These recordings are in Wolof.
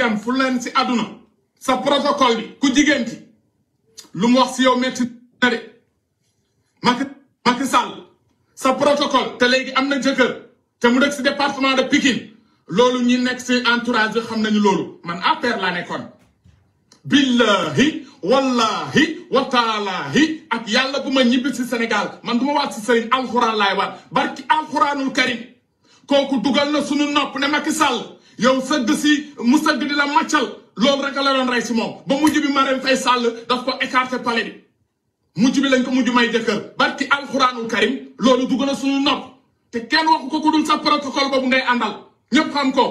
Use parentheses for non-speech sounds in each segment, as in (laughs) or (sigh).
dem fu leen si àdduna sa protocole bi ku jigéen ci lu mu wax si yow métti na de Macky Macky Sall sa protocole te léegi am na jëkkër te mu dëkk si département de Pikine loolu ñi nekk si entourage bi xam nañu loolu man affaire laa nekkoon billahi wallahi wataalaahi ak yàlla bu ma ñibbi si Sénégal man du ma waat si sëriñ alxuraan laay waat barki alxuraanul karim kooku dugal na sunu nopp ne Macky Sall yow sëgg si mu sëgg di la màccal loolu rek la doon rey si moom ba mujj bi Marème Faye Sall daf ko écarté palais bi mujj bi lañ ko mujj may jëkkër barki alxuraanul karim loolu dugg na suñu nopp te kenn waxu ko ku dul sa protocole boobu ngay àndal ñépp xam ko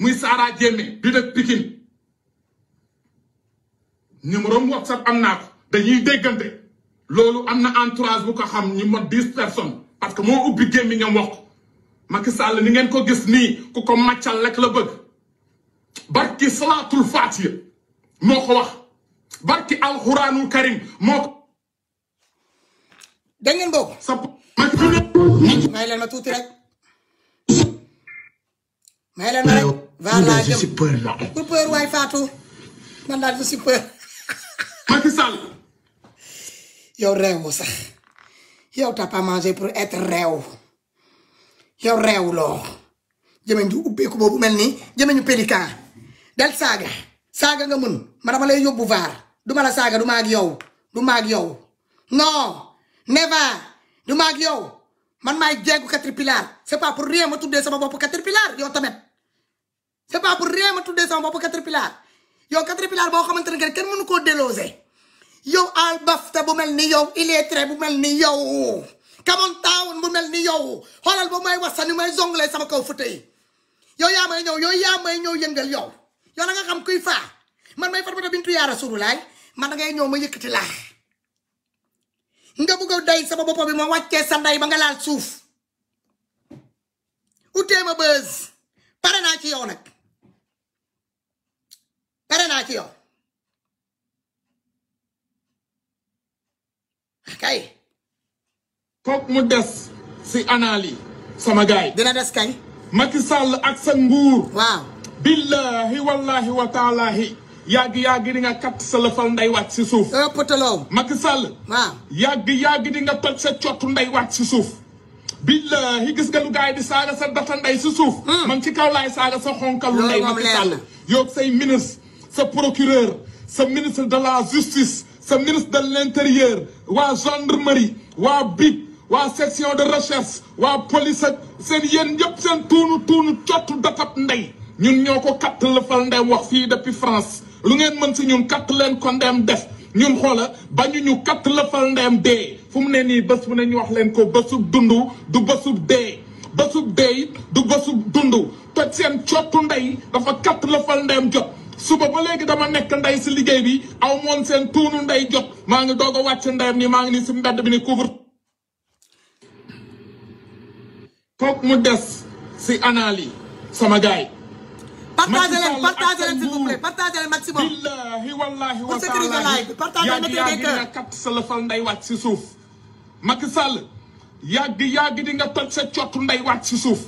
muy Sara Diémé di def Pikine numéro mu WhatsApp am naa ko dañuy déggante loolu am na entourage bu ko xam ñu mot dix personnes parce que moo ubbi gémmiñam wax ko Macky Sall ni ngeen ko gis ni ku ko màccal rek la bëgg barki salaatul faatiha moo ko barki alxuraanul karim moo ko da ngeen boobu sa ma tuuti rek may leen ma rek voilà je suis peur là pour peur waay Fatou man daal je suis peur Macky Sall yow réew pour être réew yow reewuloo jëmeñ ju ubbeeku boobu mel ni jëmeñu pélican del saaga saaga nga mun ma dama lay yóbbu vaar du ma la saaga du ma yow du maag yow non never du ma ak yow man maay jeegu caterpillar c'est pas pour rien ma tuddee sama bopp caterpillar yow tamit c'est pas pour rien ma tuddee sama bopp caterpillar yow caterpillar boo xamante ne kenn mënu koo délosé yow albafta bu mel ni yow illettré bu mel ni yow. kamoon taawoon mu mel ni yow xoolal ba may wasani may zonglee sama kaw fëtë yi yow yaa may ñëw yow yaa may ñëw yëngal yow yow da nga xam kuy faa man may Fatimata bintu yaa Rasulullaay man da ngay ñëw ma yëkkati laa nga bëgg a day sama bopp bi ma wàccee sa ndey ba nga laal suuf utee ma bëz pare naa ci yow nag pare naa ci yow kay ma mu des si sama gars yi. des kañ. Macky Sall ak sa nguur. waaw. billahi wallahi wa taalahi yàgg yàgg di nga kat sa lëfal nday wàcc si suuf. ëppatalaw. Macky Sall. waaw yàgg yàgg di nga toj sa cottu nday wàcc si suuf. billahi gis nga lu gars yi di saaga sa nday si suuf. Hmm. man ci kaw laay sa xonkalu nday Macky ministre sa procureur sa ministre de la justice sa ministre de l' intérieur waa gendarmerie waa BIC. wa section de recherche wa police sen yeen ñep sen tunu tunu ciotu dafat ndey ñun ñoko kat katt la fal wax fi depuis France lu ngeen mën ci ñun kat leen ko ndeem def ñun xola bañu ñu kat la fal ndeem fu mu ne ni bes mu ne ñu wax leen ko bésub dundu du bésub de bésub de du bésub dundu toj sen ciotu ndey dafa kat la fal ndeem jot suba ba legi dama nek ndey ci liggey bi aw mon sen tunu ndey jot ma nga dogo wacc wàcc ni ma nga ni ci mbedd bi ni couvre foog mu des si anal yi sama gars yi. partagez leen partagez leen s'il vous plaît partagez leen maximum. wa taala sa lëfal nday wàcc si suuf. Macky Sall yàgg yàgg di nga toj sa cottu nday wàcc si suuf.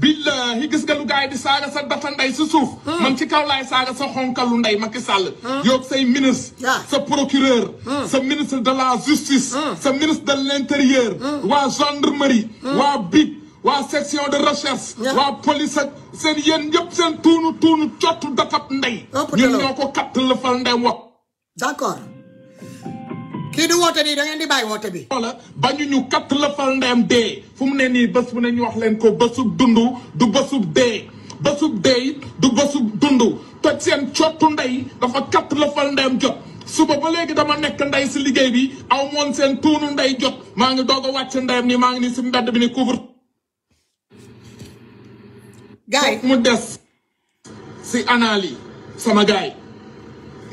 billahi gis nga lu gars yi di saaga sa data nday si suuf. Hmm. man ci kaw laay saaga sa xonkalu nday Macky Sall. Hmm. yow say ministre. sa procureur. Hmm. sa ministre de la justice. sa ministre de l' intérieur. waa gendarmerie. waa BIC. waa section de recherche. waa police ak seen yéen yëpp seen tuunu tuunu cottu dafab ndey. ñun ñoo ko katt la fal ndey wax. d'accord kii di woote nii da di bàyyi woote bi. wala bañu ñu katt la fal ndeyam dee fu mu ne nii bés bu ne ñu wax leen ko bésub dundu du bésub dee bésub dee du bésub dundu toj seen cottu ndey dafa katt la fal ndeyam jot. suba ba léegi dama nekk ndey si liggéey bi aw moon seen tuunu ndey jot maa ngi doog a wàcc ndeyam nii maa ngi nii si mbedd bi ni couvre. gaay mu des si anali sama gaay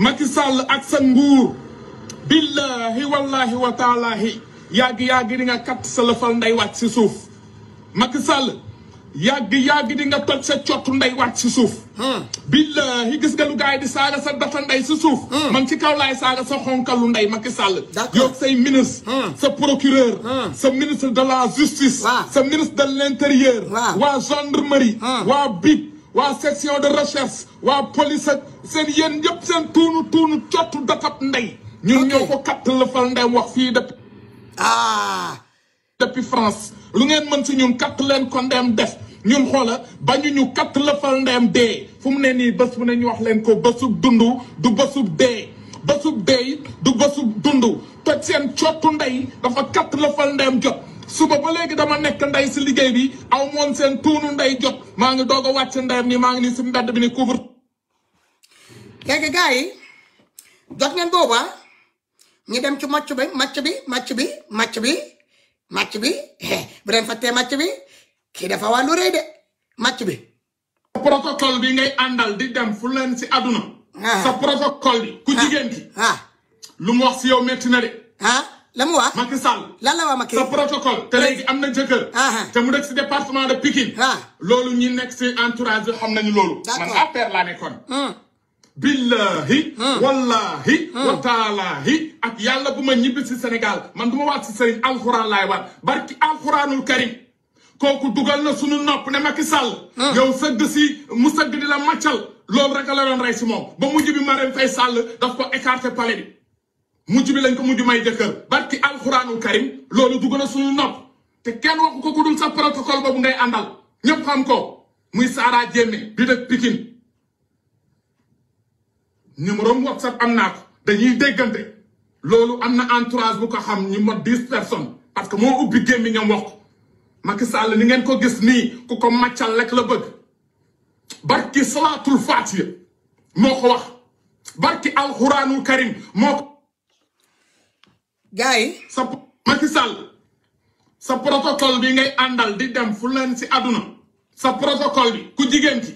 Macky Sall ak sa nguur billahi wallahi wa taalahi yàgg yàgg di nga katt sa lëfal nday wàcc si suuf Macky yàgg-yàgg di nga toj sa cottu ndey wàcc si suuf hmm. billaahi gis nga lu gaay di saaga sa data nday si suuf hmm. man ci kaw laay saaga sa xonkalu nday Macky Sall yoog say ministre hmm. sa procureur sa ministre de la justice sa ministre de l'intérieur waa gendarmerie waa big waa section de recherche waa police ak seen yéen yëpp seen tuunu tuunu cottu datat ndey ñun ñoo ko katt la fal ndeyam wax fii depuis ah depuis France lu ngeen mën si ñun katt leen ko ndeyam def ñun xoola bañu ñu kat la fal dee fu mu ne nii bés bu ne ñu wax leen ko bésub dund du bésub dee bésub dee du bésub dund toj seen cottu ndey dafa kat la fal ndeem jot suba ba léegi dama nekk ndey si liggéey bi aw moon seen tuunu ndey jot maa ngi doog a wàcc ndeyam ni maa ngi ni si mbedd bi ni couvre léegi gaa yi jot ngeen booba ñu dem ci màcc bi màcc bi màcc bi màcc bi màcc bi (laughs) bu leen fàttee bi ki defa waa lu rëy de match bi. protocole bi ngay àndal di dem fu si àdduna. sa protocole bi. ku jigéen ki. lu mu wax si yow mettina na de. la mu wax. Macky Sall. lan la waa Macky. sa protocole. te léegi am na jëkkër. te mu nekk si département de Pikine. loolu ñi nekk si entourage bi xam nañu loolu. man affaire laa nekkoon. billahi wallahi wa taalahi ak yàlla bu ma ñibbi si Sénégal man du ma waat si sëriñ alxuraan laay waat barki alxuraanul karim. kooku duggal na sunu nopp ne Macky Sall. Ah. yow sëgg si mu sëgg di la màccal loolu rek la doon rey si moom ba mujj bi Marème Faye Sall daf ko écarté palais bi mujj bi lañ ko mujj may jëkkër barki alxuraanul karim loolu dugal na sunu nopp te kenn waxu ko ku dul sa protocole boobu ngay àndal ñëpp ko muy Saara Jéeme di dëkk Pikine numéro mu WhatsApp am naa ko dañuy déggante loolu am na entourage bu ko xam ñu mot dix parce que moo ubbi gémmi ñam wax ko Macky Sall ni ngeen ko gis nii ku ko màccal rek la bëgg barki salaatul faatiha moo ko wax barki alxuraanul karim moo ko gars yi sa Macky sa protocole bi ngay àndal di dem fu leen si àdduna sa protocole bi ku jigéen ci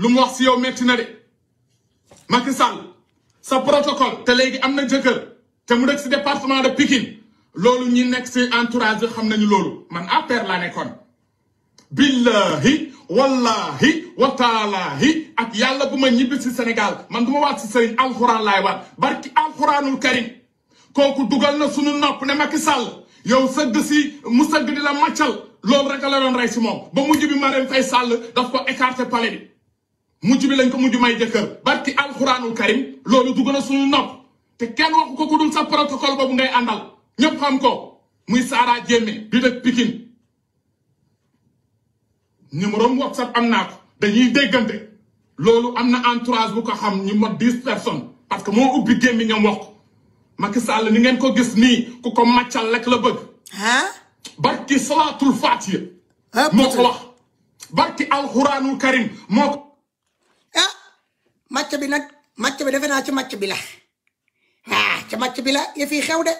lu mu wax si yow metti na de Macky Sall sa protocole te léegi am na jëkkër te mu dëkk si département de Pikine loolu ñi nekk si entourage xam nañu loolu man affaire laa nekkoon billahi wallahi wataalaahi ak yàlla bu ma ñibbi si Sénégal man du ma waat si sëriñ alxuraan laay waat barki alxuraanul karim kooku dugal na suñu nopp ne Macky Sall yow sëgg si mu sëgg di la màccal loolu rek la doon rey si moom ba mujj bi Marème Faye Sall daf ko écarté palais bi mujj bi lañ ko mujj may jëkkër barki alxuraanul karim loolu dugal na suñu nopp te kenn waxu ko ku dul sa protocole boobu ngay àndal ñëpp xam ko muy Sara Diémé di dëkk Pikine numéro mu WhatsApp am naa ko dañuy déggante loolu am na entourage bu ko xam ñu mot dix parce que moo ubbi gémmi ñam wax ko Macky Sall ni ngeen ko gis nii ku ko màccal rek la bëgg. barki salaatul faatiha moo ko wax barki alxuraanul karim moo ah màcc bi nag màcc bi defe naa ci màcc bi la ah ci màcc bi la yëf xew de.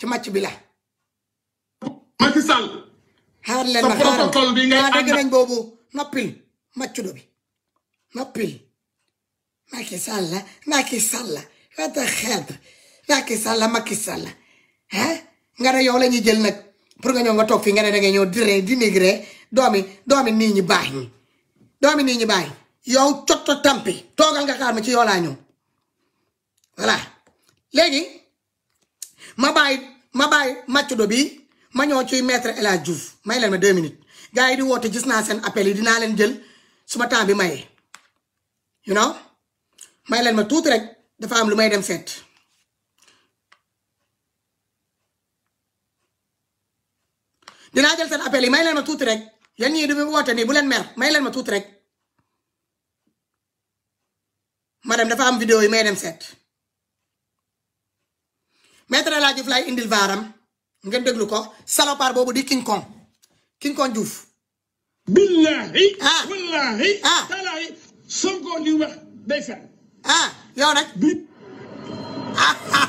ci match bi la. Macky Sall. xaar leen ma xaaral protocole bi ngay ànd nañ boobu noppil match do bi noppil. Macky Sall Macky Sall what the hell Macky Sall Macky Sall ah nga ne yow la ñuy jël nag pour nga ñëw nga toog fii nga ne da ngay ñëw dire dénigré doomi doomi nii ñi baax ñi doomi nii ñi baax ñi yow cotto tampi toogal nga xaar ma ci yow laa ñëw voilà léegi. ma bàyyi ma bàyyi màccudo bi ma ñëw ci maître El Hadj Diouf may leen ma deux minutes gars yi di woote gis naa seen appel yi dinaa leen jël suma temps bi maye you know may leen ma tuuti rek dafa am lu may dem seet dina jël seen appel yi may leen ma tuuti rek yan ñii du woote nii bu leen mer may leen ma tuuti rek madame dafa am vidéo yi may dem seet maître El Hadj Diouf laay indil varam ngeen deglu ko salopar bobu di King Kong King Kong djouf billahi. ah wallahi. ah talaay Sonko li wax day fen. ah yo nak bi. ah ah ah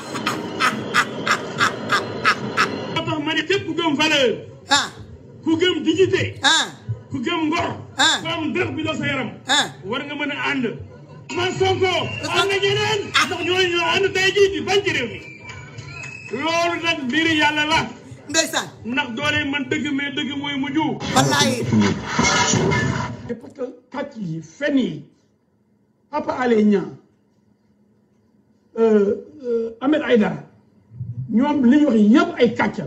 ah. gëm valeur. ah ku gëm dignité. ah ku gëm ngor. ah ku am bi do sa yaram. ah war nga mën and ànd. man Sonko. am na ñeneen. ah ndax ñoy ñu and tay ji di bañ ci rew mi loolu nag mbiri yàlla la. ndeysaan. nak doole man dëgg mais dëgg mooy mujj. wallaay. te parce que yi fen yi Papa Alé Niang Ahmed Aïdara ñoom li ñu wax yëpp ay kàcc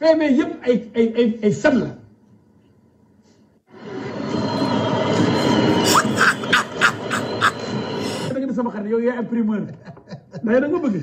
la PV eh, yëpp ay ay ay ay set la. da nga di sama xarit yow yaay imprimeur da nga bëgg.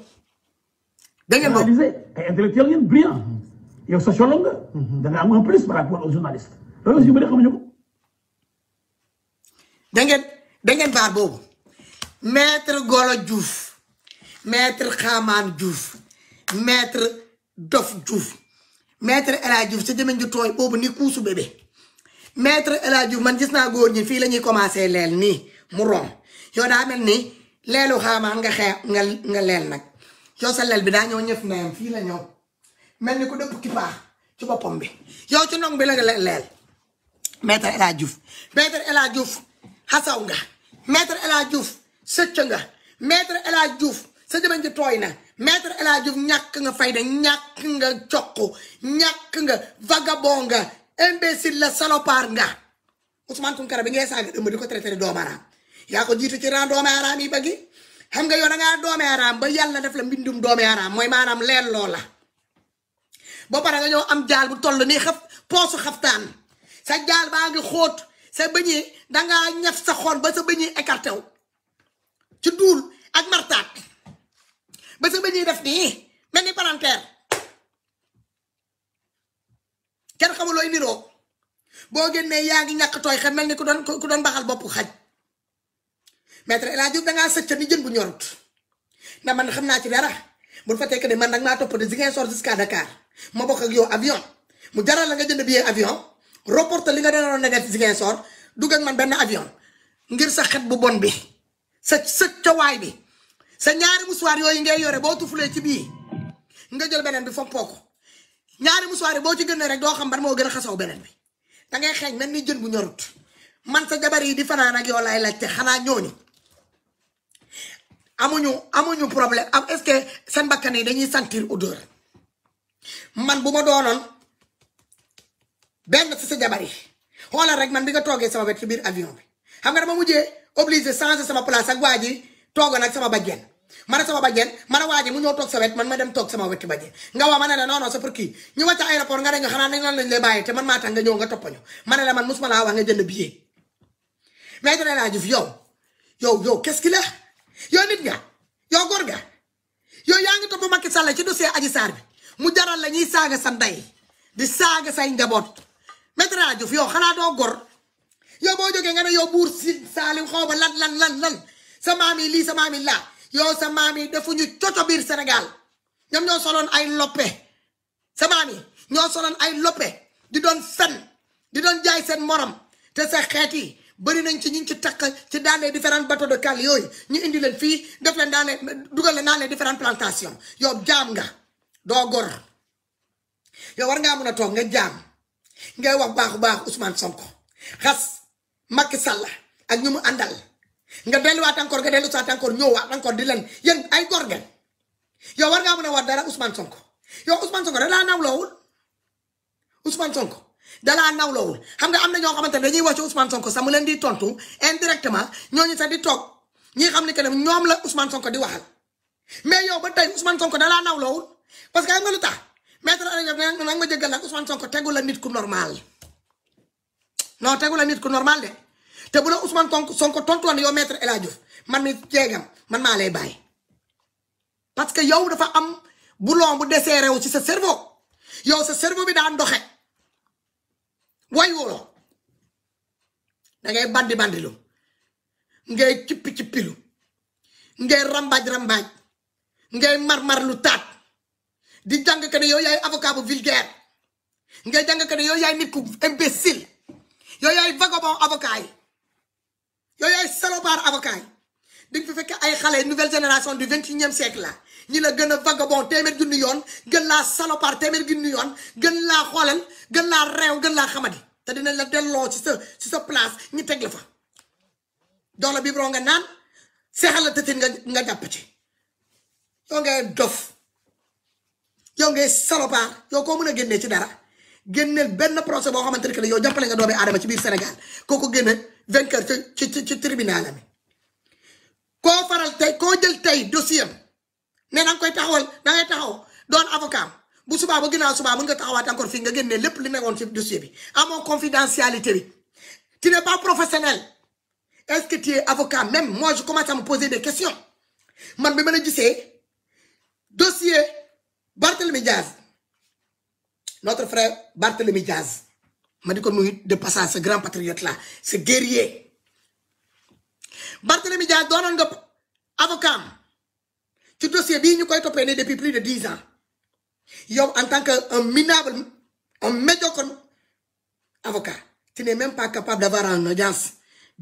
dengan ngeen Kayak ay intellectuel ngeen kan, yang yow sociologue nga. da nga am un plus par rapport aux journalistes loolu aussi yu bëri xamuñu ko. da ngeen da Golo juf, maître Xaamaan juf, maître Dof juf, maître El juf. Diouf yang jëmeñ ju tooy boobu ni kuusu bébé maître El Hadj man gis naa góor ñi ni la ñuy commencé mel ni leelu xaamaan nga xee nga nga nak. coosalel bi daa ñëw ñëf ndeyam fii la ñëw mel ni ko dëpp ki paax ci boppam bi yow ci ndong bi la leel maître El Hadj Diouf maître El Hadj Diouf xasaw nga maître El Hadj nga maître El Diouf sa jëman ji tooy na maître El Hadj Diouf ñàkk nga fayda ñàkk nga coq ñàkk nga vagabond nga imbécile la salopard nga Ousmane Tounkara bi ngay saaga dëmb di ko traité doomu aaraam yaa ko jiitu ci rang doomu aaraam yi bëggi xam nga yow da ngaa doome ba yàlla def la mbindum doome araam mooy maanaam leen loola ba pare nga ñëw am jaal bu toll nii xaf poosu xaftaan sa jaal baa ngi xóot sa bëñi dangaa ñaf sa xool ba sa bëñi écarté wu ci duul ak martaat ba sa def nii mel ni palanteer kenn xamulooy niroo boo génnee yaa ngi ñàkk tooy xam mel ni ku doon ku doon baxal boppu xaj maître El Hadj da nga sëcc ni jeun bu ñorut na man xamna ci dara bu fa tek ne man nak maa top de sort jusqu'à Dakar ma bok ak yow avion mu jaral la nga jënd billet avion reporter li nga doonoon zigen sort dug ak man ben avion ngir sa xet bu bon bi sa sa way bi sa ñaari musuwaar yoy ngey yore boo tufulee ci bi nga jël benen bi fompoo ko ñaari musuwaar bo ci gënne rek do xam ban mo gëna a benen bi da ngay xeeñ mel ni bu ñorut man sa jabar yi di fanan ak yow lay lacc xana ñooñu. amuñu amuñu problème am est-ce que seen bakkan dañuy santir odeur man bu ma doonoon benn si sa jabar yi xoolal rek man bi nga toogee sama wet ci biir avion bi xam nga dama mujjee obligé changer sama place ak waa ji toogoon ak sama bajjeen man sama bajjeen man waa ji mu ñëw toog sa wet man ma dem toog sama wetu bajjeen nga waa ma ne la non non c'est pour kii ñu wàcc aéroport nga ne ñu xanaa nañ lan lañ lay bàyyee te man maa tax nga ñëw nga toppañu ma ne la man mosuma laa wax mais dina laa jëf yow yow nit nga yow góor nga yow yaa ngi topp Macky Sall ci dossier Adji Sarr bi mu jaral la ñuy saaga sa ndey di saaga say njaboot Maître Diouf yow xanaa doo góor yow boo jógee nga ne yow buur si Saalim xaw ma lan lan lan lan sa maam lii sa maam laa yow sa maam yi defuñu coco biir Sénégal ñoom ñoo soloon ay loppe sa maam ñoo soloon ay loppe di doon fen di doon jaay seen morom te sa xeet yi bari nañ ci ñing ci tak ci dans les différents bateaux de cale yoy ñu indi len fi def len dans duggal len dans différentes plantations yo jam nga do gor yo war nga mëna tok nga jam nga wax baxu bax Ousmane Sonko khas Macky Sall ak ñu mu andal nga delu wat encore nga delu sat encore ñoo wat encore di len yeen ay gor ngeen yo war nga mëna wat dara Ousmane Sonko yo Ousmane Sonko da la nawlawul Ousmane Sonko dalaa nawlawul xam nga amna na ñoo xamante dañuy wacc Ousmane Sonko sax mu leen di tontu indirectement ñu sa di tok ñi xam ne que ne ñoom la Ousmane Sonko di waxal mais yow ba tay Ousmane Sonko dalaa nawlawul parce que xam nga lutax maître ala Alioune nag ma jéggal nak Ousmane Sonko téggul la nit ku normal non téggul la nit ku normal de te bu la Ousmane Sonko Sonko tontu woon yow maître El Diouf man mi jeegam man ma lay bay parce que yow dafa am boulon bu desserré wu ci sa cerveau yow sa cerveau bi da ndoxé way wuloo dangay bandi bandilu ngay cippi cippilu ngay rambaaj rambaaj ngay marmar lu taat di jàng que ne yow yaay avocat bu vulgaire ngay jàng que ne yow yaay nit ku imbécile yow di nga fekk ay xale nouvelle génération du vingt et unième siècle la ñi la gën a vagabond téeméer junni yoon gën laa salopard téeméer junni yoon gën laa xoolal gën laa réew gën laa xamadi te dinañ la delloo ci sa ci sa place ñi teg fa dox la nga naan seexal la tëtin nga nga jàpp ci yow ngay dof yow ngay salopard yow koo mën a génnee ci dara génneel benn procès boo xamante ne que yow jàppale nga doomi aadama ci biir senegal kooku génne vainqueur ci ci ci tribunal ami koo faral tey koo jël tey dossier Mais da quoi koy taxawal da ngay taxaw doon avocat bu subaa ba ginnaaw subaa mën nga taxawaat encore fii nga génnee lépp li nekkoon ci dossier bi amoo confidentialité tu n'es pas professionnel est-ce que tu es avocat même moi je commence à me poser des questions man bi ma la dossier Barthélemy Diaz notre frère Barthélemy Diaz ma di ko nuyu de passage ce grand patriote là ce guerrier Barthélemy Diaz doonoon nga avocat ce dossier bii que depuis plus de 10 ans en tant que minable un médiocre avocat tu n'es même pas capable d'avoir en audience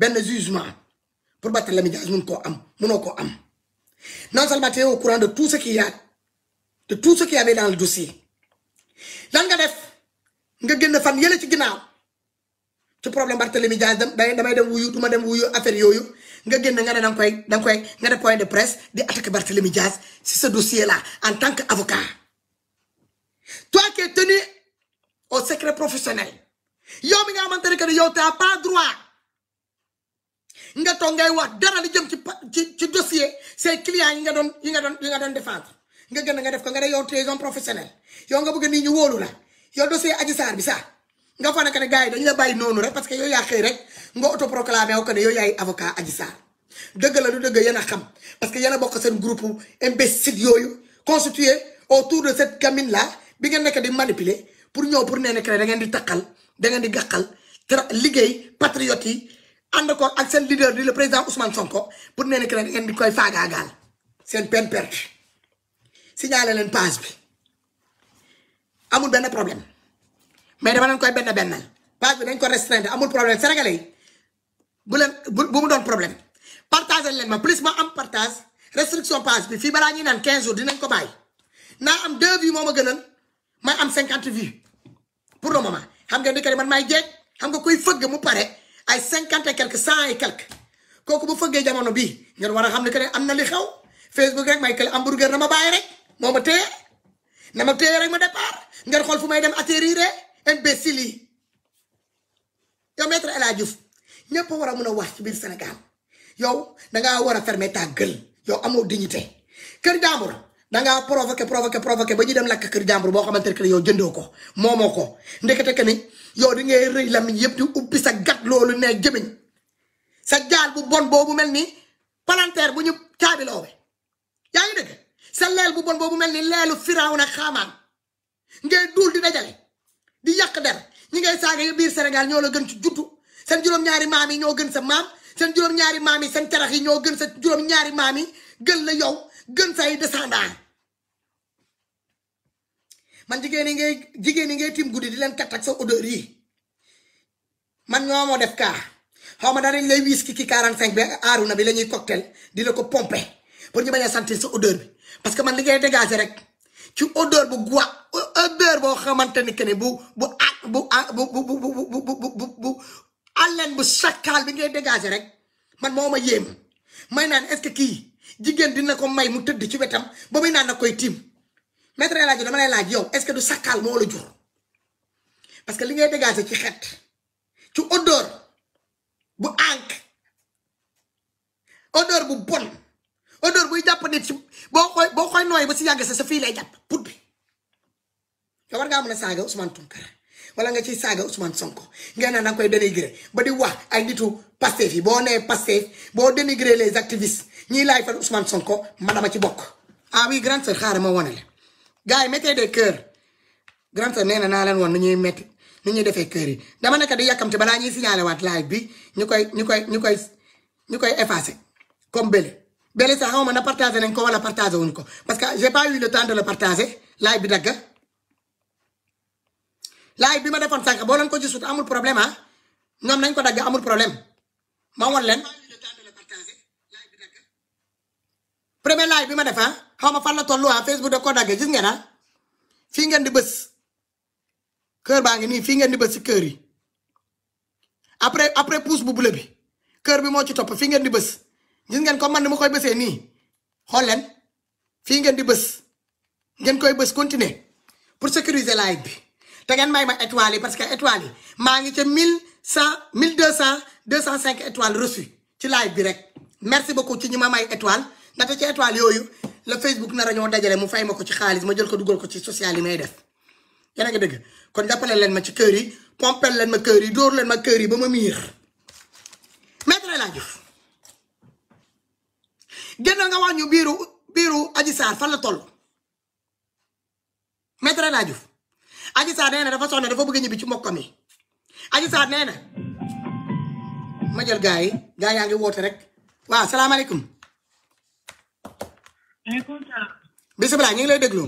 un jugement pour battre les médias. Nous am au courant de tout ce qu'il y a de tout ce qu'il y avait dans le dossier def nga famille fan ci problème damay affaire nga génn nga ne danga koy danga koy nga def point de presse di attaquer Barthélémy Diaz si ce dossier là en tant qu'avocat toi qui es tenu au secret professionnel yow mi nga xamante ne que yow t'as pas droit nga toog ngay wax dara li jëm ci ci ci dossier say clients yi nga doon yi nga doon yi nga doon défendre nga génn nga def ko nga ne yow trahison professionnelle yow nga bëgg nit ñi wóolu la yow dossier Adji Sarr bi sax. nga foog ne gars yi dañu la bàyyi noonu rek parce que yooyu yaa xëy rek nga autoproclamé wu xam parce que yéen bokk seen groupe imbécile yooyu constitué autour de cette gamine là bi ngeen nekk di manipuler ñëw pour nee nekk da ngeen di taqal da ngeen di gàqal tra liggéey patriote yi ànd ko ak seen leader di le président Ousmane Sonko pour nee nekk da ngeen di koy faagaagaal seen peine perte signalé leen page bi amul benn problème. mais dama leen koy benn benn page bi dañ ko restreindre amul problème sénégalais yi bu leen bu mu doon problème partage leen ma plus ma am partage restriction page bi fii balaa ñuy naan 15 jours dinañ ko bàyyi naa am 2 vues moom ma gënal may am 50 vues pour le moment xam nga ni man maay jeeg xam nga kuy fëgg mu pare ay 50 et quelque 100 et kooku bu fëggee jamono bii ngeen war a xam ne que am na li xew Facebook rek may kële hamburger na ma bàyyi rek moo ma téye na ma téye rek ma départ ngeen xool fu may dem atterrir imbécile yi yow maître El Hadj Diouf ñëpp war a mën a wax ci biir senegal yow dangaa war a fermer ta gueule yow amoo dignité kër jàmbur dangaa provoqué provoqué provoqué ba ñu dem lakk kër jàmbur boo xamante ne yow jëndoo ko moomoo ko ndekete que yow di nga rëy lamiñ yëpp di ubbi sa gat loolu ne jëmiñ sa jaal bu bon boobu mel ni palanteer bu ñu caabiloo be yaa ngi dëgg sa leel bu bon boobu mel ni leelu firaaw na xaamaan ngay duul di dajale di yak der ñi ngay saga yu bir senegal ñoo la gën ci juttu sen juroom ñaari maam yi ñoo gën sa mam sen juroom ñaari maam yi seen carax yi ñoo gën sa juroom ñaari maam yi gën la yow gën say descendant man jigeen yi ngay jigeen yi ngay tim gudi di len kat ak sa odeur yi man ñoo moo def ka xawma dañ lay wiis ki ki 45 be aruna bi lañuy cocktail di la ko pomper pour ñu baña a sentir sa odeur bi parce que man li ngay dégager rek ci odeur bu gua odeur boo xamante ni que ni bu bu at bu bu bu bu bu allen bu sakkaal bi ngay dégager rek man moom a yéem may naan est-ce que kii jigéen dina ko may mu tëdd ci wetam ba muy naan na koy tiim maître El Hadj laaj yow est-ce que du sakkaal moo la jur parce que li ngay dégager ci xet ci odeur bu ànk odeur bu bon. odeur buy jàpp nit si boo koy boo koy nooy ba si yàgg sa sa fii lay jàpp pour bi nga war ngaa mën a saaga Ousmane Tounkara wala nga ciy saaga Ousmane Sonko ngeen naan da nga koy ba di wax ay nitu Pastef yi boo nee Pastef boo dénigré les activistes ñii laay fal Ousmane Sonko ma dama ci bokk. ah oui grande sœur xaaral ma wane la yi mettez des cœurs grande sœur nee na naa leen woon nu ñuy metti nu ñuy defee cœur yi dama nekk di yàkkamte balaa si signalé waat live bi ñu koy ñu koy ñu koy ñu koy effacé comme bële. bele sax xaw ma na partagé nañ ko wala partagé wuñ ko parce que j'ai pas eu le temps de bi dagg live bi ma defoon sànq boo leen ko gisut amul problème ah ñoom nañ ko dagg amul problème ma won leen premier live bi ma def ah ma fan la tollu ah Facebook de ko daggee gis ngeena ah fii ngeen di bës kër baa ngi nii fii ngeen di bës si kër yi après après pouce bu bule bi kër bi moo ci topp fii ngeen di bës. gis ngeen ko man ni ma koy bësee nii xool leen fii ngeen di bës ngeen koy bës continuer pour sécuriser live bi te ngeen may ma étoiles yi parce que étoiles maa ngi ca mille cent mille deux cent deux cent cinq étoiles reçues ci live bi rek merci beaucoup ci ñi ma may étoile ndaxte ci étoile yooyu la Facebook nar a ñoo dajale mu fay ma ko ci xaalis ma jël ko dugal ko ci social yi may def yéen a ngi dëgg kon jàppale leen ma ci kër yi pompel leen ma kër yi dóor leen ma kër yi ba ma miir laa jëf génn nga wax ñu biiru biiru Adji Sarr fan la toll maître El na dafa soxna dafa bëgg a ñibbi ci mbokkam yi Adji Sarr nee na ma jël gars yi yaa ngi woote rek waaw salaamaaleykum. maaleykum salaam. bisimilah ñu ngi lay déglu.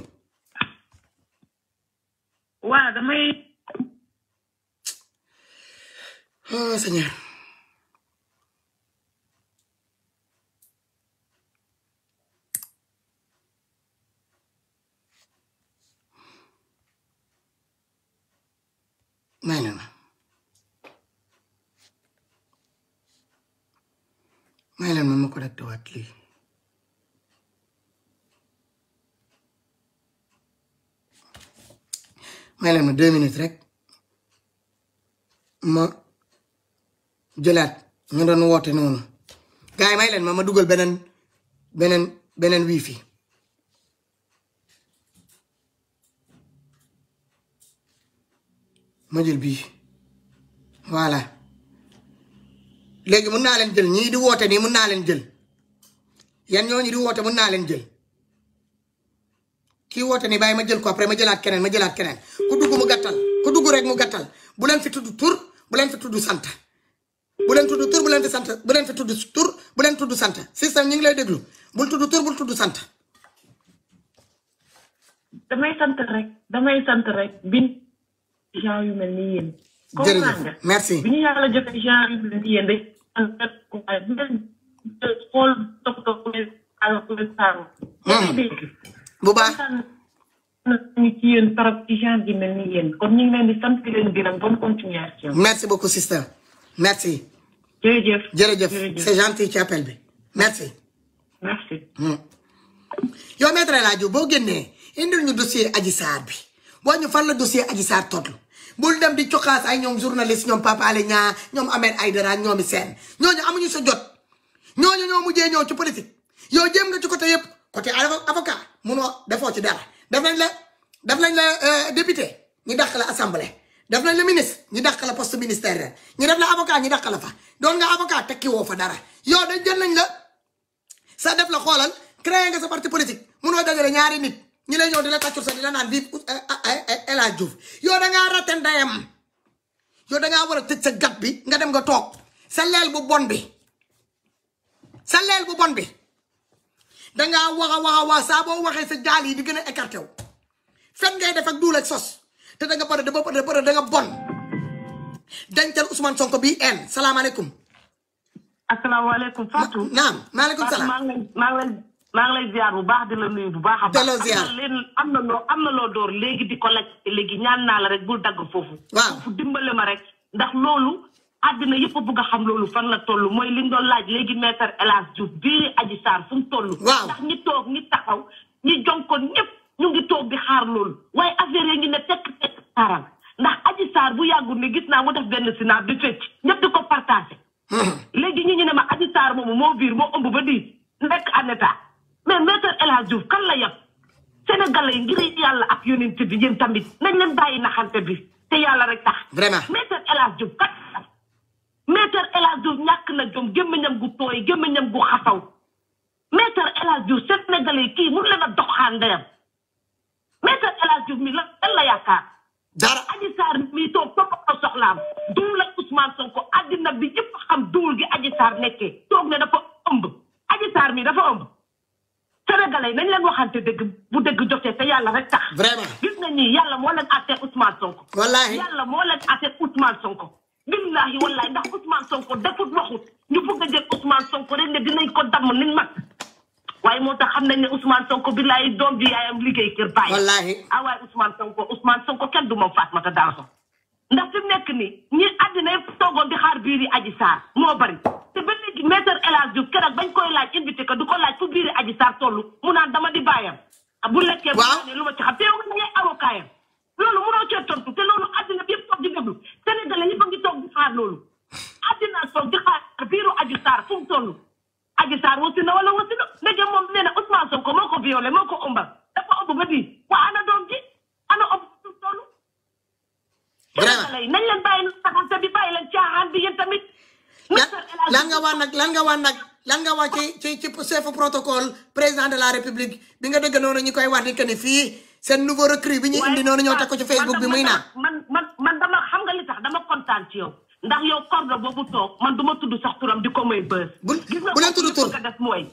waaw damay. oh Meine Liebe. may leen ma ma connecté waat lii may leen ma deux minutes rek ma jëlaat ma doon woote noonu gars yi may leen ma ma dugal beneen beneen beneen wifi ma jël bii voilà léegi mën naa leen jël ñii di woote nii mën naa leen jël yan ñooñu di woote mën naa leen jël kii woote nii bàyyi ma jël ko après ma jëlaat keneen ma jëlaat keneen ku dugg mu gàttal ku dugg rek mu gàttal bu leen fi tudd tur bu leen fi tudd sant bu leen tudd tur bu leen fi sant bu leen fi tudd tur bu leen tudd sant système ñu ngi lay déglu bul tudd tur bul tudd sant. damay sant rek damay sant rek genre yu mel ni yéen. jërëjëf merci bi ñu yàlla joxe genre yu mel ni yéen day euh, xool toppatoo hmm. bu baax. ñu ci yéen trop ci genre yu mel ni leen di sant di leen gërëm bonne continuation. merci beaucoup sister merci. jërëjëf jërëjëf c'est gentil ci bi merci. merci. Hmm. yow maître boo génnee indil ñu dossier Adji Sarr bi. wañu fan la dossier aji sar todlu bul dem di ciokas ay ñom journaliste ñom papa ale nya ñom amet ay ñom sen seen ñooñu amuñu sa jot ñooñu ñoo mujjee ñoo ci politique yo jëm nga ci côté yépp côté avocat mëno defo ci dara def nañ la def nañ la euh, député ñi dakk la assemblée def nañ la ministre ñi dakk la poste ministère ñi def la avocat ñi dakk la fa doon nga avocat tekki wo fa dara yo dañ jël nañ la sa def la xolal créer nga sa parti politique mëno dajale ñaari nit ñi lay ñow di la tàccul sax di la naan bii El eh, eh, eh, Hadj Diouf yow da nga raté ndayam yo da nga wara tecc sa gap bi nga dem nga tok sa leel bu bon bi sa leel bu bon bi da nga waxa waxa wa sa bo waxe sa jali di gëna écarté wu fen ngay def ak doul ak sos te da nga pare da nga pare da nga bon dencal Ousmane Sonko bi en salam assalamu asalaamaaleykum Fatou. naam maaleykum salaam maa ngi maa ngi lay bu baax di la nuyu bu baax a baax. am na loo am na loo door léegi di ko léegi ñaan naa la rek bul dagg foofu. waaw foofu dimbale ma rek. ndax loolu addina yëpp a bugg a xam loolu fan la toll mooy li nga doon laaj léegi maître El Hadj Diouf bii Adji Sarr fu mu toll. waaw ndax ñi toog ñi taxaw ñi jonkoon ñëpp ñu ngi toog di xaar loolu. waaye affaire yi ngi ne tekk tekk saaral ndax Adji Sarr bu yàggul ne gis naa mu def benn sinaab di fecc ñëpp di ko partagé. Hmm. léegi ñu ñu ne ma Adji moomu moo biir moo ëmb ba di nekk en mais maître El Hadj kan la yab sénégalais yi ngir yàlla ak yonent bi yéen tamit nañ leen bàyyi naxante bi te yàlla rek tax. vraiment maître El Hadj Diouf kat maître El Hadj Diouf ñàkk na jom gémmiñam gu tooy gémmiñam gu xasaw maître El Hadj Diouf sénégalais yi kii mun leen a doxaan ndeyam maître El Hadj Diouf mi lan la yaakaar. dara Adji Sarr mi toog topp ko soxlaam duul ak Ousmane Sonko àddina bi yëpp xam duul gi Adji Sarr nekkee toog na dafa ëmb Adji Sarr mi dafa ëmb. sénégalais nañ leen waxante dëgg bu dëgg jotee te yàlla rek tax. vraiment gis nañ ni yàlla moo leen àtte Ousmane Sonko. wallaahi yàlla moo leen àtte Ousmane Sonko. billaahi wallaahi ndax Ousmane Sonko defut waxut ñu bëgg a jël Ousmane Sonko rek ne ko damm niñ ma waaye moo tax xam nañ ne Ousmane Sonko billaahi doom bi yaayam liggéey kër bàyyi. wallaahi ah waaye Ousmane Sonko Ousmane Sonko kenn du moom Fatmata Danso. ndax fi mu nekk nii ñi àddina yëpp toogoon di xaar biir yi moo bari te ba léegi maître El Hadj Diouf keroog bañ koy laaj invité ko du ko laaj fu biir yi aji saar toll mu naan dama di bàyyam. Ah bu lekkee bu ne lu ma ci xam te yow nga ngay avocat yam loolu mënoo cee tontu te loolu àddina bi yëpp toog di déglu Sénégalais yëpp a ngi toog di xaar loolu. àddina toog di xaar biiru aji saar fu mu toll aji saar wasi na moom nee na Ousmane Sonko moo ko violé moo ko ëmbal dafa ëmb ba vraiment na saxante bi bàyyi leen caaxaan bi yéen tamit. lan nga wax nag lan nga wax nag lan nga wax ci ci ci chef protocole président de la république bi nga dëgg noonu ñu koy wax ni que ni fii seen nouveau recrue bi ñu indi noonu ñoo teg ko ci Facebook bi muy naa. man man man dama xam nga li tax dama kontaan ci yow. ndax yow cordo boobu toog man du ma tudd sax turam di ko may bës. bu bu leen tudd tur mooy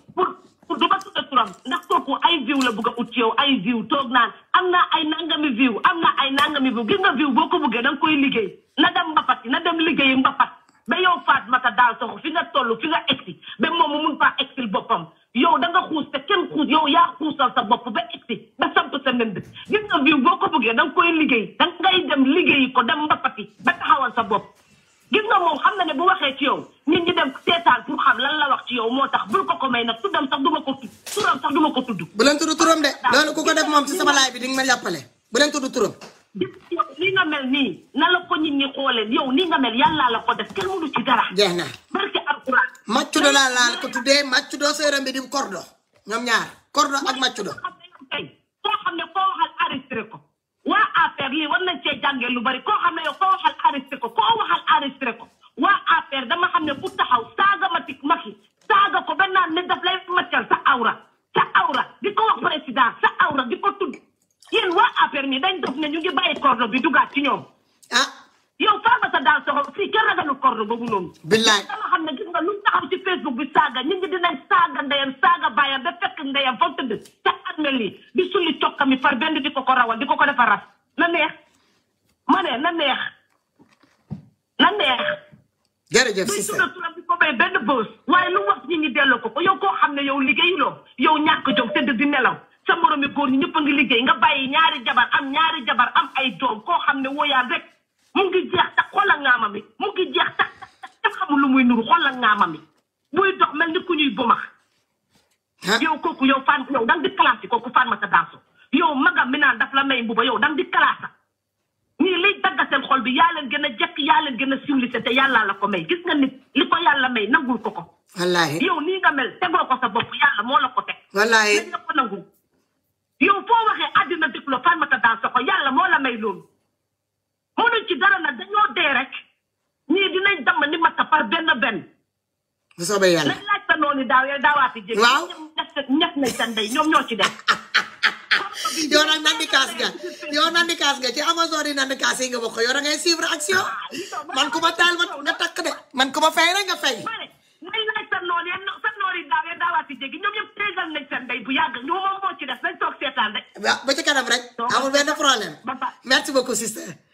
turam ndax kooku ay view la bëgg a ut yow ay view toog naan am naa ay nangami view am naa ay nangami view gis nga view boo ko bëggee da nga koy liggéey na dem mbapat na dem liggéeyi mbapat ba yow faat mata Daal Soxo fi nga toll fi nga egsi ba moom mu mun faa egsil boppam yow da nga xuus te kenn xuus yow yaa xuusal sa bopp ba egsi ba samp sa ndënd gis nga view boo ko bëggee da nga koy liggéey da ngay dem liggéeyi ko dem mbapati ba taxawal sa bopp gis nga moom xam na ne bu waxee ci yow nit ñi dem seetaan pour xam lan la wax ci yow moo tax bul ko ko may nag tuddam sax duma ko tudd turam sax duma ko tudd. bu leen tudd turam de loolu ku ko def moom ci sama laay bi di nga ma jàppale bu leen tudd turam. li nga mel nii na la ko nit ñi xoolee yow ni nga mel yàlla la ko def kenn mënu ci dara. jeex na barke alquran. maccudo laa laal ko tuddee maccudo séeram bi di kordo ñoom ñaar kordo ak maccudo. koo xam ne koo waxal arrêté ko waa affaire lii war nañ cee jàngee lu bari koo xam ne yow koo Bilmiyorum. Billahi. yow kooku yow fan yow dang di classé kooku fan ma sa yow magam mi naan daf la may mbuba yow dang di classé ñii liy dagga seen xol bi yaa leen gën a jekk yaa leen gën a siwlise te yàlla la ko may gis nga nit li ko yàlla may nangul ko ko wallaahi yow nii nga mel te ko sa bopp yàlla moo la ko teg wallaahi nga ko nangul yow foo waxee àddina déglu fan ma sa ko yàlla moo la may loolu mënuñ ci dara nag dañoo dee rek di dinañ damm ni matta par benn benn bu soobee yàlla nag laaj sa noonu daaw yow daawaati jéeg. waaw ñëpp nañ sa nga yow nandi nga ci Amazon yi yi nga bokk yow da suivre action ah, man ku ma taal ma nga takk de man ku ma fay rek nga fay. ngay laaj sa noonu yéen sa noonu daaw bu yàgg ñoom moom moo ci def ba ci kanam rek. amul benn problème. merci beaucoup sister.